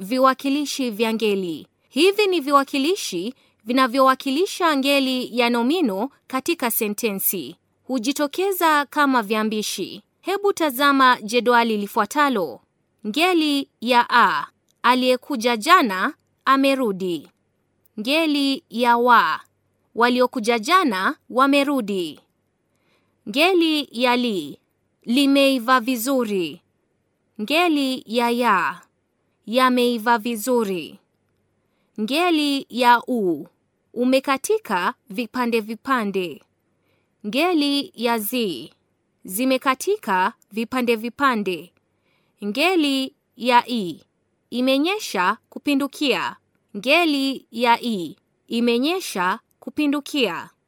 Viwakilishi vya ngeli. Hivi ni viwakilishi vinavyowakilisha ngeli ya nomino katika sentensi. Hujitokeza kama viambishi. Hebu tazama jedwali lifuatalo. Ngeli ya a, aliyekuja jana amerudi. Ngeli ya wa, waliokuja jana wamerudi. Ngeli ya li, limeiva vizuri. Ngeli ya ya yameiva vizuri. Ngeli ya u umekatika vipande vipande. Ngeli ya z zimekatika vipande vipande. Ngeli ya i imenyesha kupindukia. Ngeli ya i imenyesha kupindukia.